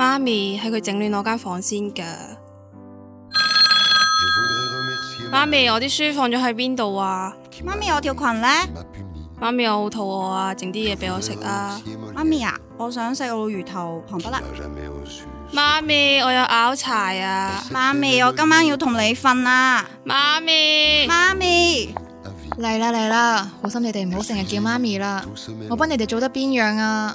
媽咪，喺佢整亂我間房先噶。媽咪，我啲書放咗喺邊度啊？媽咪，我條裙咧？媽咪，我好肚餓啊，整啲嘢俾我食啊！媽咪啊，我想食老魚頭糖不甩。媽咪，我有拗柴啊！媽咪，我今晚要同你瞓啊！媽咪，媽咪，嚟啦嚟啦，好心你哋唔好成日叫媽咪啦，我幫你哋做得邊樣啊？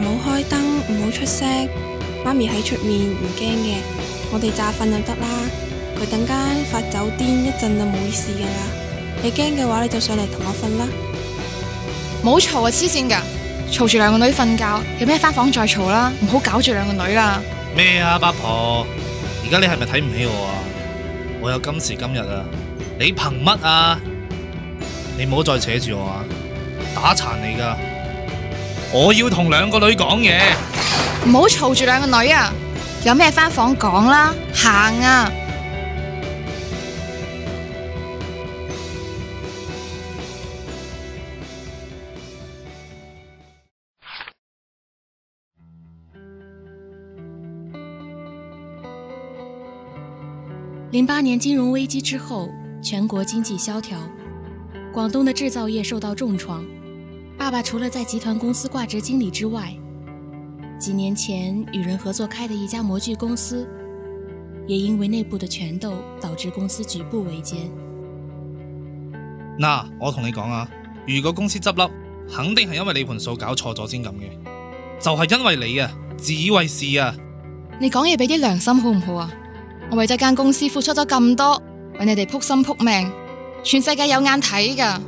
唔好開燈，唔好出聲。媽咪喺出面唔驚嘅，我哋詐瞓就得啦。佢等間發酒癲一陣就冇事噶啦。你驚嘅話你就上嚟同我瞓啦。冇嘈啊！黐線噶，嘈住兩個女瞓覺，有咩翻房再嘈啦。唔好搞住兩個女啦。咩啊，八婆！而家你係咪睇唔起我啊？我有今時今日啊？你憑乜啊？你唔好再扯住我啊！打殘你噶！我要同兩個女講嘢，唔好嘈住兩個女啊！有咩翻房講啦，行啊！零八年金融危機之後，全國經濟蕭條，廣東的製造業受到重創。爸爸除了在集團公司掛職經理之外，幾年前與人合作開的一家模具公司，也因為內部的權鬥導致公司舉步維艱。嗱、呃，我同你講啊，如果公司執笠，肯定係因為你盤數搞錯咗先咁嘅，就係、是、因為你啊，自以為是啊！你講嘢俾啲良心好唔好啊？我為咗間公司付出咗咁多，為你哋撲心撲命，全世界有眼睇噶！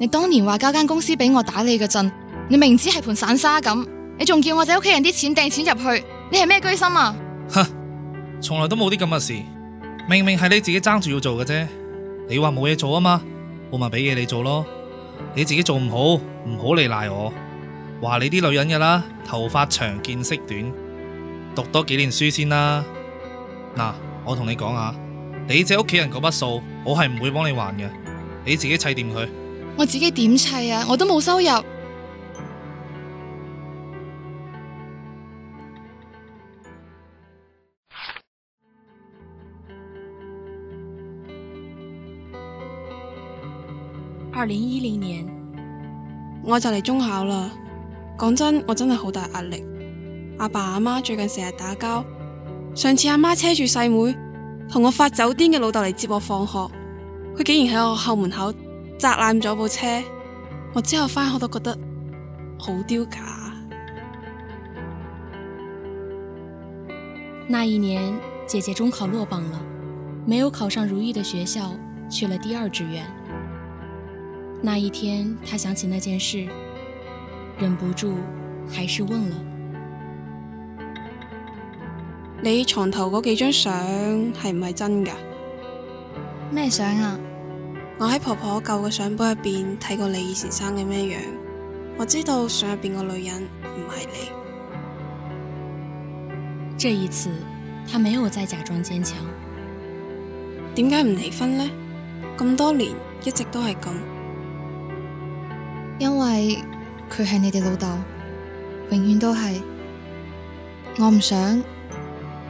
你當年話交間公司畀我打理嘅陣，你明知係盤散沙咁，你仲叫我仔屋企人啲錢掟錢入去，你係咩居心啊？哼，從來都冇啲咁嘅事，明明係你自己爭住要做嘅啫。你話冇嘢做啊嘛，我咪俾嘢你做咯。你自己做唔好，唔好嚟賴我。話你啲女人噶啦，頭髮長見識短，讀多幾年書先啦。嗱，我同你講啊，你仔屋企人嗰筆數，我係唔會幫你還嘅，你自己砌掂佢。我自己點砌啊，我都冇收入。二零一零年，我就嚟中考啦。講真，我真係好大壓力。阿爸阿媽最近成日打交，上次阿媽車住細妹，同我發酒癲嘅老豆嚟接我放學，佢竟然喺我校門口。砸爛咗部車，我之後翻學都覺得好丟架。那一年，姐姐中考落榜了，沒有考上如意的學校，去了第二志願。那一天，她想起那件事，忍不住還是問了：你床頭嗰幾張相係唔係真㗎？咩相啊？我喺婆婆舊嘅相簿入邊睇過你以前生嘅咩樣，我知道相入邊個女人唔係你。這一次，他沒有再假裝堅強。點解唔離婚呢？咁多年一直都係咁，因為佢係你哋老豆，永遠都係。我唔想，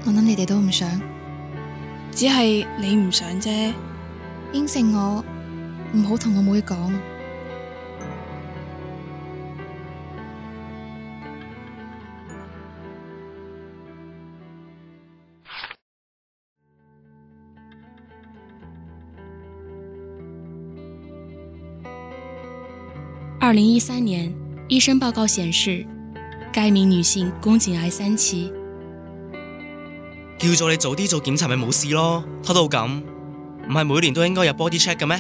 我諗你哋都唔想，只係你唔想啫。應承我。唔好同我妹講。二零一三年，醫生報告顯示，該名女性宮頸癌三期。叫咗你早啲做檢查咪冇事咯，拖到咁，唔係每年都應該有 body check 嘅咩？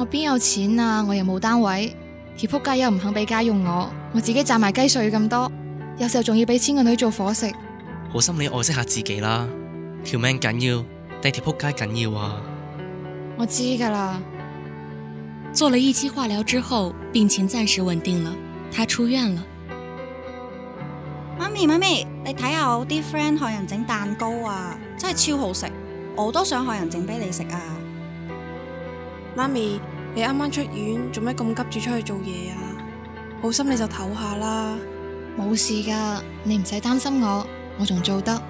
我邊有錢啊！我又冇單位，條撲街又唔肯俾家用我，我自己賺埋雞碎咁多，有時候仲要俾錢個女做伙食。好心你愛惜下自己啦，條命緊要，定係條撲街緊要啊！我知噶啦。做完第一期化療之後，病情暫時穩定了，她出院了。媽咪，媽咪，你睇下我啲 friend 學人整蛋糕啊，真係超好食，我都想學人整俾你食啊，媽咪。你啱啱出院，做咩咁急住出去做嘢啊？好心你就唞下啦，冇事噶，你唔使擔心我，我仲做得。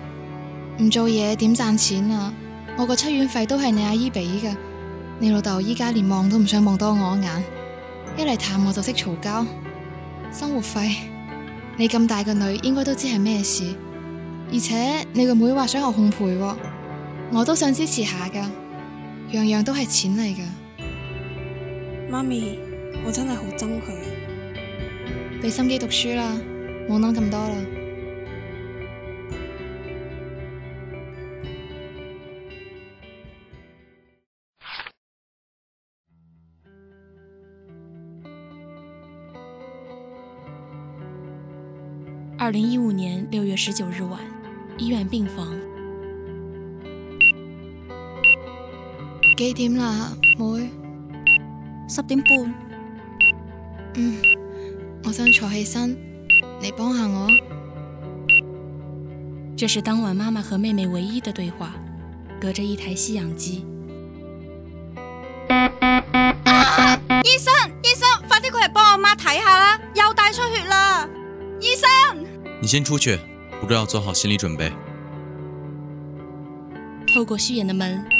唔做嘢點賺錢啊？我個出院費都係你阿姨俾嘅。你老豆依家連望都唔想望多我一眼，一嚟探我就識嘈交。生活費，你咁大個女應該都知係咩事，而且你個妹話想學烘焙，我都想支持下噶，樣樣都係錢嚟噶。媽咪，我真係好憎佢，畀心機讀書啦，冇諗咁多啦。二零一五年六月十九日晚，醫院病房，幾點啦，妹？十點半，嗯，我想坐起身，你幫下我。這是當晚媽媽和妹妹唯一的對話，隔着一台吸氧機。醫生，醫生，快啲過嚟幫我媽睇下啦，又大出血啦！醫生，你先出去，不過要做好心理準備。透過虛掩的門。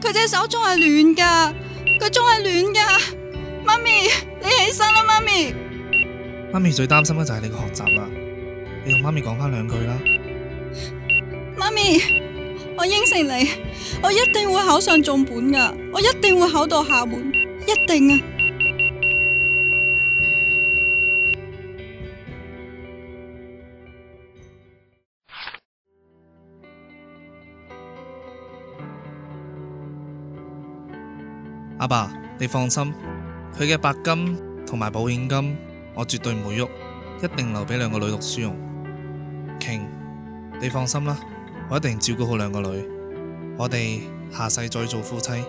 佢隻手仲係暖噶，佢仲係暖噶。媽咪，你起身啦，媽咪。媽咪最擔心嘅就係你嘅學習啦，你同媽咪講翻兩句啦。媽咪，我應承你，我一定會考上重本噶，我一定會考到廈門，一定啊！阿爸，你放心，佢嘅白金同埋保險金，我絕對唔會喐，一定留俾兩個女讀書用。瓊，你放心啦，我一定照顧好兩個女，我哋下世再做夫妻。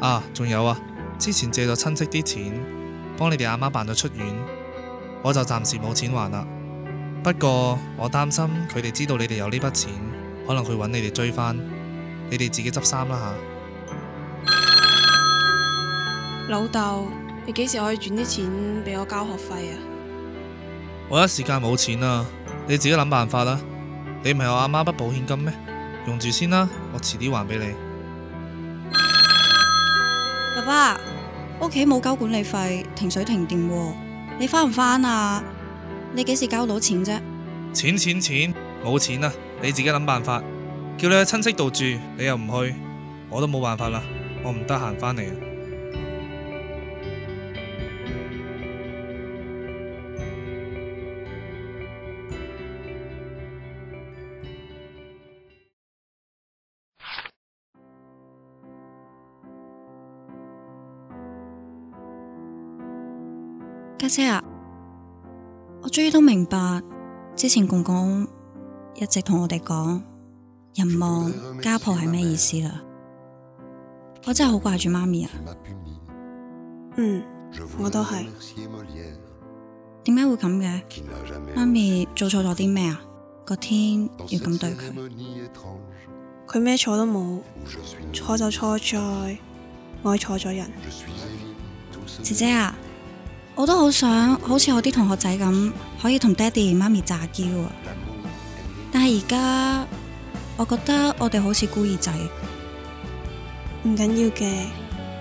啊，仲有啊，之前借咗親戚啲錢，幫你哋阿媽辦咗出院，我就暫時冇錢還啦。不過我擔心佢哋知道你哋有呢筆錢，可能會搵你哋追翻。你哋自己執衫啦吓！老豆，你幾時可以轉啲錢俾我交學費啊？我一時間冇錢啊，你自己諗辦法啦。你唔係我阿媽筆保險金咩？用住先啦，我遲啲還俾你。爸爸，屋企冇交管理費，停水停電，你翻唔翻啊？你幾時交到錢啫？錢錢錢，冇錢啊，你自己諗辦法。叫你去親戚度住，你又唔去，我都冇辦法啦。我唔得閒返嚟。家姐啊，我終於都明白，之前公公一直同我哋講。人亡家破係咩意思啦？我真係好掛住媽咪啊！嗯，我都係。點解會咁嘅？媽咪做錯咗啲咩啊？個天要咁對佢？佢咩錯都冇，錯就錯在愛錯咗人。姐姐啊，我都好想好似我啲同學仔咁，可以同爹哋媽咪詐嬌啊！但係而家。我覺得我哋好似孤兒仔，唔緊要嘅，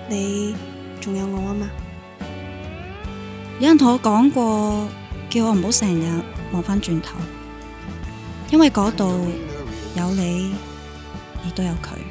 你仲有我啊嘛！有人同我講過，叫我唔好成日望返轉頭，因為嗰度有你，亦都有佢。